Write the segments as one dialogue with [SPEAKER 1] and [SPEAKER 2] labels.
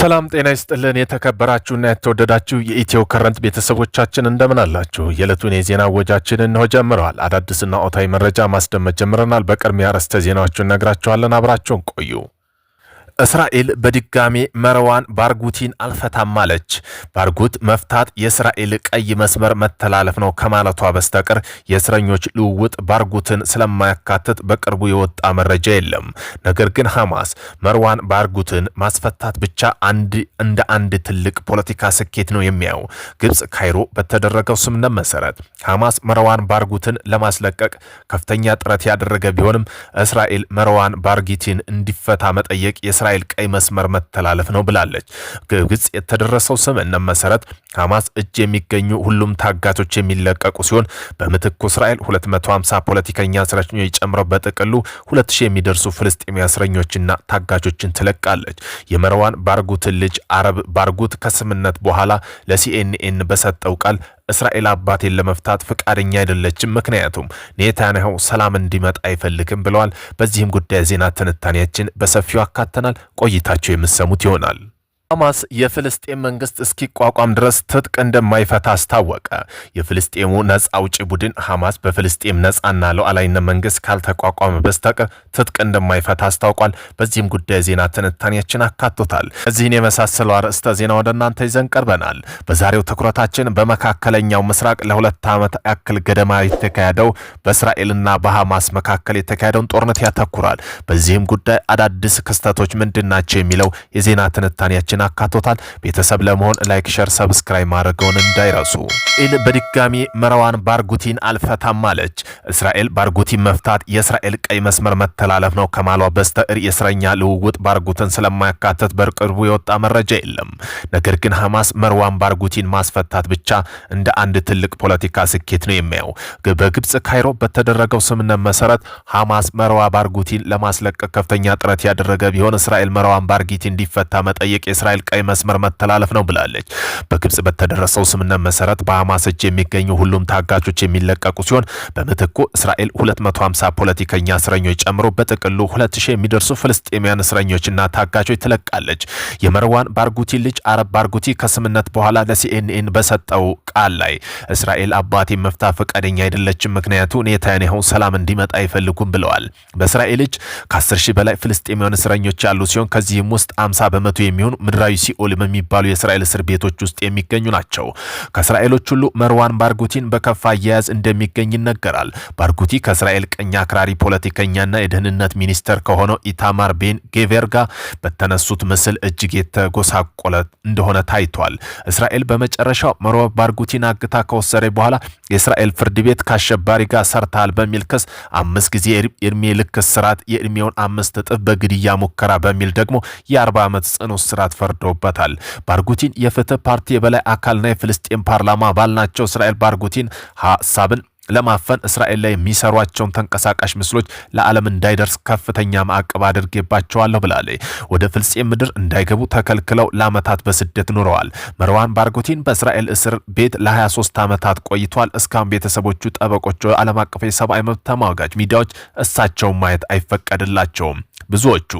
[SPEAKER 1] ሰላም ጤና ይስጥልን። የተከበራችሁና የተወደዳችሁ የኢትዮ ከረንት ቤተሰቦቻችን እንደምን አላችሁ? የዕለቱን የዜና ወጃችን እንሆ ጀምረዋል። አዳዲስና ኦታዊ መረጃ ማስደመጥ ጀምረናል። በቅድሚያ ርዕሰ ዜናዎቹን ነግራችኋለን። አብራችሁን ቆዩ። እስራኤል በድጋሜ መረዋን ባርጉቲን አልፈታም አለች። ባርጉት መፍታት የእስራኤል ቀይ መስመር መተላለፍ ነው ከማለቷ በስተቀር የእስረኞች ልውውጥ ባርጉትን ስለማያካትት በቅርቡ የወጣ መረጃ የለም። ነገር ግን ሐማስ መርዋን ባርጉትን ማስፈታት ብቻ አንድ እንደ አንድ ትልቅ ፖለቲካ ስኬት ነው የሚያየው። ግብፅ ካይሮ በተደረገው ስምምነት መሰረት ሐማስ መረዋን ባርጉትን ለማስለቀቅ ከፍተኛ ጥረት ያደረገ ቢሆንም እስራኤል መረዋን ባርጊቲን እንዲፈታ መጠየቅ የእስራኤል ቀይ መስመር መተላለፍ ነው ብላለች። ግብጽ የተደረሰው ስምምነት መሰረት ሐማስ እጅ የሚገኙ ሁሉም ታጋቾች የሚለቀቁ ሲሆን በምትኩ እስራኤል 250 ፖለቲከኛ እስረኞች ጨምረው በጥቅሉ 2000 የሚደርሱ ፍልስጤማዊ እስረኞችና ታጋቾችን ትለቃለች። የመርዋን ባርጉትን ልጅ አረብ ባርጉት ከስምነት በኋላ ለሲኤንኤን በሰጠው ቃል እስራኤል አባቴን ለመፍታት ፈቃደኛ አይደለችም፣ ምክንያቱም ኔታንያሁ ሰላም እንዲመጣ አይፈልግም ብለዋል። በዚህም ጉዳይ ዜና ትንታኔያችን በሰፊው አካተናል። ቆይታቸው የምሰሙት ይሆናል። ሐማስ የፍልስጤም መንግስት እስኪቋቋም ድረስ ትጥቅ እንደማይፈታ አስታወቀ። የፍልስጤሙ ነጻ አውጪ ቡድን ሐማስ በፍልስጤም ነጻና ሉዓላዊነት መንግስት ካልተቋቋመ በስተቀር ትጥቅ እንደማይፈታ አስታውቋል። በዚህም ጉዳይ ዜና ትንታኔያችን አካቶታል። እዚህን የመሳሰለው አርዕስተ ዜና ወደ እናንተ ይዘን ቀርበናል። በዛሬው ትኩረታችን በመካከለኛው ምስራቅ ለሁለት ዓመት ያክል ገደማ የተካሄደው በእስራኤልና በሐማስ መካከል የተካሄደውን ጦርነት ያተኩራል። በዚህም ጉዳይ አዳዲስ ክስተቶች ናቸው የሚለው የዜና ትንታኔያችን መረጃዎችን አካቶታል። ቤተሰብ ለመሆን ላይክ፣ ሸር፣ ሰብስክራይብ ማድረገውን እንዳይረሱ። ኢን በድጋሚ መረዋን ባርጉቲን አልፈታም አለች። እስራኤል ባርጉቲን መፍታት የእስራኤል ቀይ መስመር መተላለፍ ነው ከማሏ በስተቀር የእስረኛ ልውውጥ ባርጉትን ስለማያካተት በቅርቡ የወጣ መረጃ የለም። ነገር ግን ሐማስ መርዋን ባርጉቲን ማስፈታት ብቻ እንደ አንድ ትልቅ ፖለቲካ ስኬት ነው የሚያየው። በግብፅ ካይሮ በተደረገው ስምነት መሰረት ሐማስ መርዋ ባርጉቲን ለማስለቀቅ ከፍተኛ ጥረት ያደረገ ቢሆን እስራኤል መርዋን ባርጉቲን እንዲፈታ መጠየቅ የስራ የእስራኤል ቀይ መስመር መተላለፍ ነው ብላለች። በግብጽ በተደረሰው ስምምነት መሰረት በሐማስ እጅ የሚገኙ ሁሉም ታጋቾች የሚለቀቁ ሲሆን በምትኩ እስራኤል 250 ፖለቲከኛ እስረኞች ጨምሮ በጥቅሉ 2000 የሚደርሱ ፍልስጤሚያን እስረኞችና ታጋቾች ትለቃለች። የመርዋን ባርጉቲ ልጅ አረብ ባርጉቲ ከስምነት በኋላ ለሲኤንኤን በሰጠው ቃል ላይ እስራኤል አባቴ መፍታ ፈቃደኛ አይደለችም፣ ምክንያቱ ኔታንያሁ ሰላም እንዲመጣ አይፈልጉም ብለዋል። በእስራኤል እጅ ከ10 ሺህ በላይ ፍልስጤሚያን እስረኞች ያሉ ሲሆን ከዚህም ውስጥ 50 በመቶ የሚሆኑ ምድራዊ ሲኦል በሚባሉ የእስራኤል እስር ቤቶች ውስጥ የሚገኙ ናቸው። ከእስራኤሎች ሁሉ መርዋን ባርጉቲን በከፋ አያያዝ እንደሚገኝ ይነገራል። ባርጉቲ ከእስራኤል ቀኝ አክራሪ ፖለቲከኛና የደህንነት ሚኒስተር ከሆነው ኢታማር ቤን ጌቬር ጋር በተነሱት ምስል እጅግ የተጎሳቆለ እንደሆነ ታይቷል። እስራኤል በመጨረሻው መርዋን ባርጉቲን አግታ ከወሰደ በኋላ የእስራኤል ፍርድ ቤት ከአሸባሪ ጋር ሰርታል በሚል ክስ አምስት ጊዜ የእድሜ ልክ ስርዓት የእድሜውን አምስት እጥፍ በግድያ ሙከራ በሚል ደግሞ የአርባ ዓመት ጽኑ ስርዓት ፈርዶበታል። ባርጉቲን የፍትህ ፓርቲ የበላይ አካልና የፍልስጤም ፓርላማ አባል ናቸው። እስራኤል ባርጉቲን ሀሳብን ለማፈን እስራኤል ላይ የሚሰሯቸውን ተንቀሳቃሽ ምስሎች ለዓለም እንዳይደርስ ከፍተኛ ማዕቀብ አድርጌባቸዋለሁ ብላለች። ወደ ፍልስጤም ምድር እንዳይገቡ ተከልክለው ለዓመታት በስደት ኑረዋል። መርዋን ባርጎቲን በእስራኤል እስር ቤት ለ23 ዓመታት ቆይቷል። እስካሁን ቤተሰቦቹ፣ ጠበቆቹ፣ ዓለም አቀፍ የሰብአዊ መብት ተሟጋች ሚዲያዎች እሳቸውን ማየት አይፈቀድላቸውም። ብዙዎቹ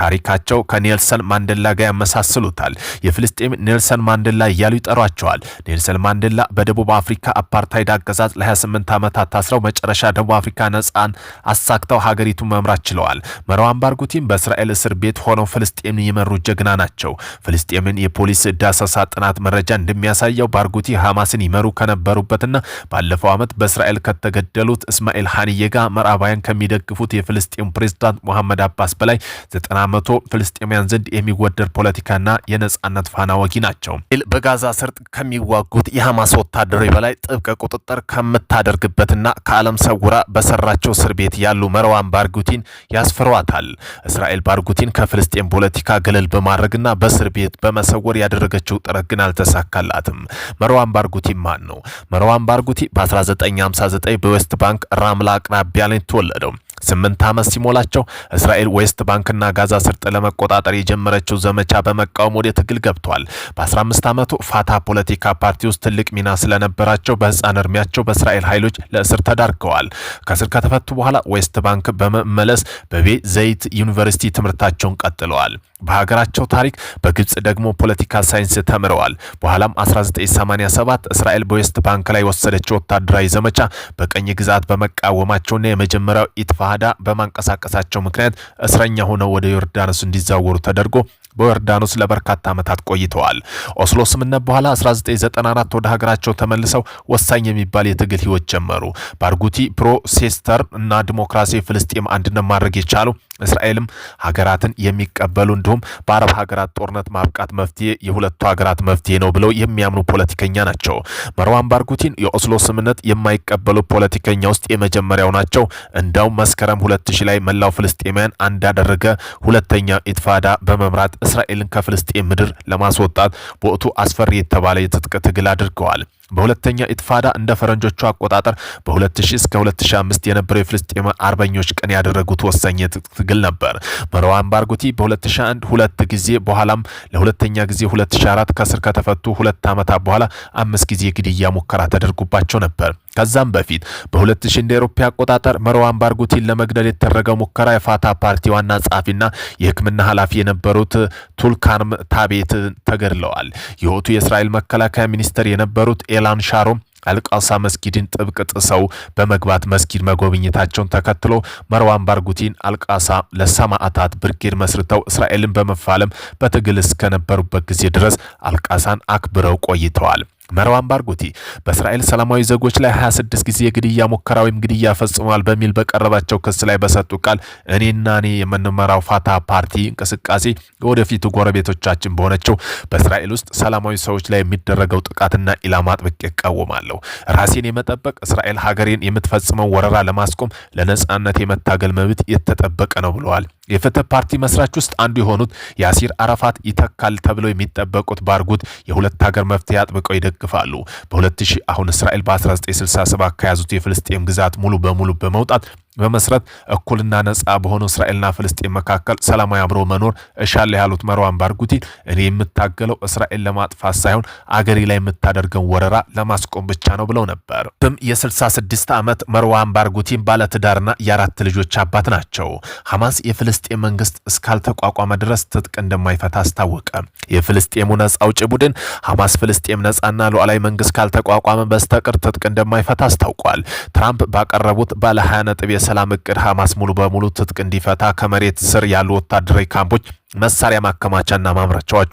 [SPEAKER 1] ታሪካቸው ከኔልሰን ማንደላ ጋር ያመሳስሉታል። የፍልስጤም ኔልሰን ማንደላ እያሉ ይጠሯቸዋል። ኔልሰን ማንደላ በደቡብ አፍሪካ አፓርታይድ አገዛዝ ለ28 ዓመታት ታስረው መጨረሻ ደቡብ አፍሪካ ነፃን አሳክተው ሀገሪቱን መምራት ችለዋል። መርዋን ባርጉቲን በእስራኤል እስር ቤት ሆነው ፍልስጤምን የመሩ ጀግና ናቸው። ፍልስጤምን የፖሊስ ዳሰሳ ጥናት መረጃ እንደሚያሳየው ባርጉቲ ሐማስን ይመሩ ከነበሩበትና ባለፈው ዓመት በእስራኤል ከተገደሉት እስማኤል ሐንዬ ጋር ምዕራባውያን ከሚደግፉት የፍልስጤም ፕሬዝዳንት ሞሐመድ አባስ በላይ ዘጠና መቶ ፍልስጤማውያን ዘንድ የሚወደድ ፖለቲካና የነጻነት ፋና ወጊ ናቸው። በጋዛ ስርጥ ከሚዋጉት የሐማስ ወታደሮች በላይ ጥብቅ ቁጥጥር ከምታደርግ የምትመሰግበትና ከዓለም ሰውራ በሰራቸው እስር ቤት ያሉ መርዋን ባርጉቲን ያስፈሯታል። እስራኤል ባርጉቲን ከፍልስጤን ፖለቲካ ገለል በማድረግና በእስር ቤት በመሰወር ያደረገችው ጥረት ግን አልተሳካላትም። መርዋን ባርጉቲ ማን ነው? መርዋን ባርጉቲ በ1959 በዌስት ባንክ ራምላ አቅራቢያ ላይ ተወለደው። ስምንት ዓመት ሲሞላቸው እስራኤል ዌስት ባንክና ጋዛ ስርጥ ለመቆጣጠር የጀመረችው ዘመቻ በመቃወም ወደ ትግል ገብቷል። በ15 ዓመቱ ፋታ ፖለቲካ ፓርቲ ውስጥ ትልቅ ሚና ስለነበራቸው በህፃን እድሜያቸው በእስራኤል ኃይሎች ለእስር ተዳርገዋል። ከእስር ከተፈቱ በኋላ ዌስት ባንክ በመመለስ በቤ ዘይት ዩኒቨርሲቲ ትምህርታቸውን ቀጥለዋል። በሀገራቸው ታሪክ በግብፅ ደግሞ ፖለቲካል ሳይንስ ተምረዋል። በኋላም 1987 እስራኤል በዌስት ባንክ ላይ የወሰደችው ወታደራዊ ዘመቻ በቀኝ ግዛት በመቃወማቸውና የመጀመሪያው ኢትፋሃዳ በማንቀሳቀሳቸው ምክንያት እስረኛ ሆነው ወደ ዮርዳኖስ እንዲዛወሩ ተደርጎ በዮርዳኖስ ለበርካታ ዓመታት ቆይተዋል። ኦስሎ ስምነት በኋላ 1994 ወደ ሀገራቸው ተመልሰው ወሳኝ የሚባል የትግል ህይወት ጀመሩ። ባርጉቲ ፕሮሴስተር እና ዲሞክራሲ ፍልስጤም አንድነት ማድረግ የቻሉ እስራኤልም ሀገራትን የሚቀበሉ እንዲሁም በአረብ ሀገራት ጦርነት ማብቃት መፍትሄ የሁለቱ ሀገራት መፍትሄ ነው ብለው የሚያምኑ ፖለቲከኛ ናቸው። መርዋን ባርጉቲን የኦስሎ ስምነት የማይቀበሉ ፖለቲከኛ ውስጥ የመጀመሪያው ናቸው። እንደውም መስከረም ሁለት ሺ ላይ መላው ፍልስጤማያን አንዳደረገ ሁለተኛው ኢትፋዳ በመምራት እስራኤልን ከፍልስጤም ምድር ለማስወጣት በወቅቱ አስፈሪ የተባለ የትጥቅ ትግል አድርገዋል። በሁለተኛ ኢትፋዳ እንደ ፈረንጆቹ አቆጣጠር በ2000 እስከ 2005 የነበረው የፍልስጤም አርበኞች ቀን ያደረጉት ወሳኝ ትግል ነበር። መርዋን ባርጉቲ በ2001 ሁለት ጊዜ በኋላም ለሁለተኛ ጊዜ 2004 ከስር ከተፈቱ ሁለት ዓመታት በኋላ አምስት ጊዜ ግድያ ሙከራ ተደርጉባቸው ነበር። ከዛም በፊት በ2000 እንደ አውሮፓ አቆጣጠር መርዋን ባርጉቲን ለመግደል የተደረገው ሙከራ የፋታ ፓርቲ ዋና ጸሐፊና የሕክምና ኃላፊ የነበሩት ቱልካርም ታቤት ተገድለዋል። የወቅቱ የእስራኤል መከላከያ ሚኒስትር የነበሩት ላንሻሮ አልቃሳ መስጊድን ጥብቅ ጥሰው በመግባት መስጊድ መጎብኘታቸውን ተከትሎ መርዋን ባርጉቲን አልቃሳ ለሰማዕታት ብርጌድ መስርተው እስራኤልን በመፋለም በትግል እስከነበሩበት ጊዜ ድረስ አልቃሳን አክብረው ቆይተዋል። መርዋን ባርጉቲ በእስራኤል ሰላማዊ ዜጎች ላይ 26 ጊዜ የግድያ ሙከራ ወይም ግድያ ፈጽሟል በሚል በቀረባቸው ክስ ላይ በሰጡ ቃል እኔና እኔ የምንመራው ፋታ ፓርቲ እንቅስቃሴ ወደፊቱ ጎረቤቶቻችን በሆነችው በእስራኤል ውስጥ ሰላማዊ ሰዎች ላይ የሚደረገው ጥቃትና ኢላማ ጥብቅ ይቃወማለሁ። ራሴን የመጠበቅ እስራኤል ሀገሬን የምትፈጽመው ወረራ ለማስቆም ለነጻነት የመታገል መብት የተጠበቀ ነው ብለዋል። የፍትህ ፓርቲ መስራች ውስጥ አንዱ የሆኑት የአሲር አረፋት ይተካል ተብለው የሚጠበቁት ባርጉት የሁለት ሀገር መፍትሄ አጥብቀው ይደግፋሉ። በ2000 አሁን እስራኤል በ1967 ከያዙት የፍልስጤም ግዛት ሙሉ በሙሉ በመውጣት በመስረት እኩልና ነጻ በሆነው እስራኤልና ፍልስጤን መካከል ሰላማዊ አብሮ መኖር እሻለሁ ያሉት መርዋን ባርጉቲ እኔ የምታገለው እስራኤል ለማጥፋት ሳይሆን አገሬ ላይ የምታደርገውን ወረራ ለማስቆም ብቻ ነው ብለው ነበር። ትም የ66 ዓመት መርዋን ባርጉቲን ባለትዳርና የአራት ልጆች አባት ናቸው። ሐማስ የፍልስጤን መንግስት እስካልተቋቋመ ድረስ ትጥቅ እንደማይፈታ አስታወቀ። የፍልስጤሙ ነጻ አውጪ ቡድን ሐማስ ፍልስጤም ነጻና ሉዓላዊ መንግስት ካልተቋቋመ በስተቀር ትጥቅ እንደማይፈታ አስታውቋል። ትራምፕ ባቀረቡት ባለ 20 ነጥብ የሰላም እቅድ ሐማስ ሙሉ በሙሉ ትጥቅ እንዲፈታ ከመሬት ስር ያሉ ወታደራዊ ካምፖች መሳሪያ ማከማቻና ማምረቻዎቹ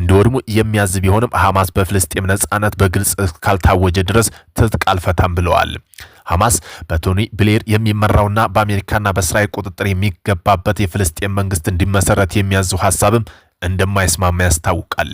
[SPEAKER 1] እንዲወድሙ የሚያዝ ቢሆንም ሐማስ በፍልስጤም ነጻነት በግልጽ እስካልታወጀ ድረስ ትጥቅ አልፈታም ብለዋል። ሐማስ በቶኒ ብሌር የሚመራውና በአሜሪካና በእስራኤል ቁጥጥር የሚገባበት የፍልስጤም መንግስት እንዲመሰረት የሚያዙ ሐሳብም እንደማይስማማ ያስታውቃል።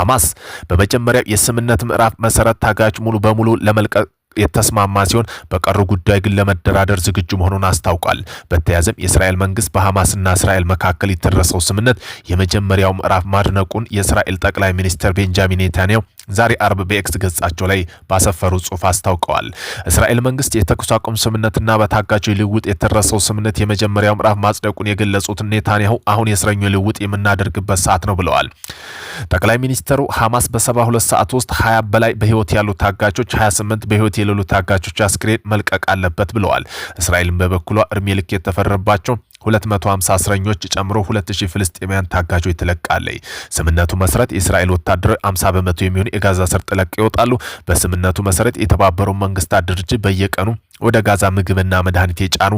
[SPEAKER 1] ሐማስ በመጀመሪያው የስምነት ምዕራፍ መሰረት ታጋጅ ሙሉ በሙሉ ለመልቀቅ የተስማማ ሲሆን በቀሩ ጉዳይ ግን ለመደራደር ዝግጁ መሆኑን አስታውቋል። በተያያዘም የእስራኤል መንግስት በሐማስና እስራኤል መካከል የተደረሰው ስምነት የመጀመሪያው ምዕራፍ ማድነቁን የእስራኤል ጠቅላይ ሚኒስትር ቤንጃሚን ኔታንያሁ ዛሬ አርብ በኤክስ ገጻቸው ላይ ባሰፈሩ ጽሑፍ አስታውቀዋል። እስራኤል መንግስት የተኩስ አቁም ስምነትና በታጋቾ ልውጥ የተደረሰው ስምነት የመጀመሪያው ምዕራፍ ማጽደቁን የገለጹት ኔታንያሁ አሁን የእስረኞ ልውጥ የምናደርግበት ሰዓት ነው ብለዋል። ጠቅላይ ሚኒስትሩ ሐማስ በሰባ ሁለት ሰዓት ውስጥ ሀያ በላይ በህይወት ያሉ ታጋቾች፣ 28 በህይወት የሌሉ ታጋቾች አስክሬን መልቀቅ አለበት ብለዋል። እስራኤልን በበኩሏ እድሜ ልክ የተፈረባቸው 250 እስረኞች ጨምሮ 2000 ፍልስጤማውያን ታጋቾች ትለቃለች። ስምነቱ መሰረት የእስራኤል ወታደሮች 50 በመቶ የሚሆኑ የጋዛ ሰርጥ ለቀው ይወጣሉ። በስምነቱ መሰረት የተባበሩት መንግስታት ድርጅት በየቀኑ ወደ ጋዛ ምግብና መድኃኒት የጫኑ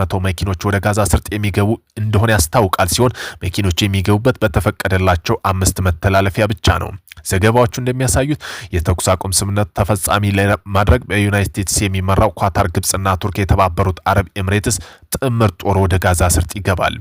[SPEAKER 1] መቶ መኪኖች ወደ ጋዛ ስርጥ የሚገቡ እንደሆነ ያስታውቃል ሲሆን መኪኖች የሚገቡበት በተፈቀደላቸው አምስት መተላለፊያ ብቻ ነው። ዘገባዎቹ እንደሚያሳዩት የተኩስ አቁም ስምምነት ተፈጻሚ ለማድረግ በዩናይትድ ስቴትስ የሚመራው ኳታር፣ ግብፅና ቱርክ የተባበሩት አረብ ኤምሬትስ ጥምር ጦር ወደ ጋዛ ስርጥ ይገባል።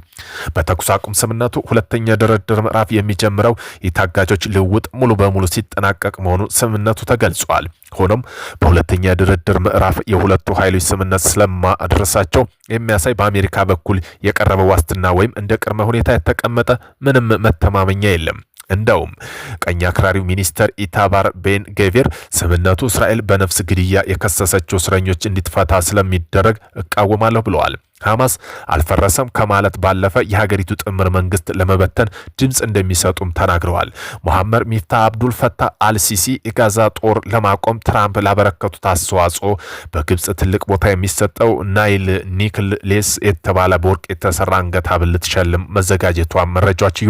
[SPEAKER 1] በተኩስ አቁም ስምምነቱ ሁለተኛ ድርድር ምዕራፍ የሚጀምረው የታጋቾች ልውውጥ ሙሉ በሙሉ ሲጠናቀቅ መሆኑ ስምምነቱ ተገልጿል። ሆኖም በሁለተኛ ድርድር ምዕራፍ የሁለቱ ኃይሎች ስምምነት ስለማድረሳቸው የሚያሳይ በአሜሪካ በኩል የቀረበ ዋስትና ወይም እንደ ቅድመ ሁኔታ የተቀመጠ ምንም መተማመኛ የለም። እንደውም ቀኝ አክራሪው ሚኒስተር ኢታባር ቤን ጌቪር ስምነቱ እስራኤል በነፍስ ግድያ የከሰሰችው እስረኞች እንዲትፈታ ስለሚደረግ እቃወማለሁ ብለዋል። ሐማስ አልፈረሰም ከማለት ባለፈ የሀገሪቱ ጥምር መንግስት ለመበተን ድምፅ እንደሚሰጡም ተናግረዋል። ሞሐመድ ሚፍታ አብዱል ፈታ አልሲሲ የጋዛ ጦር ለማቆም ትራምፕ ላበረከቱት አስተዋጽኦ በግብፅ ትልቅ ቦታ የሚሰጠው ናይል ኒክሌስ የተባለ በወርቅ የተሰራ አንገት ሐብል ልትሸልም መዘጋጀቷ መረጃዎች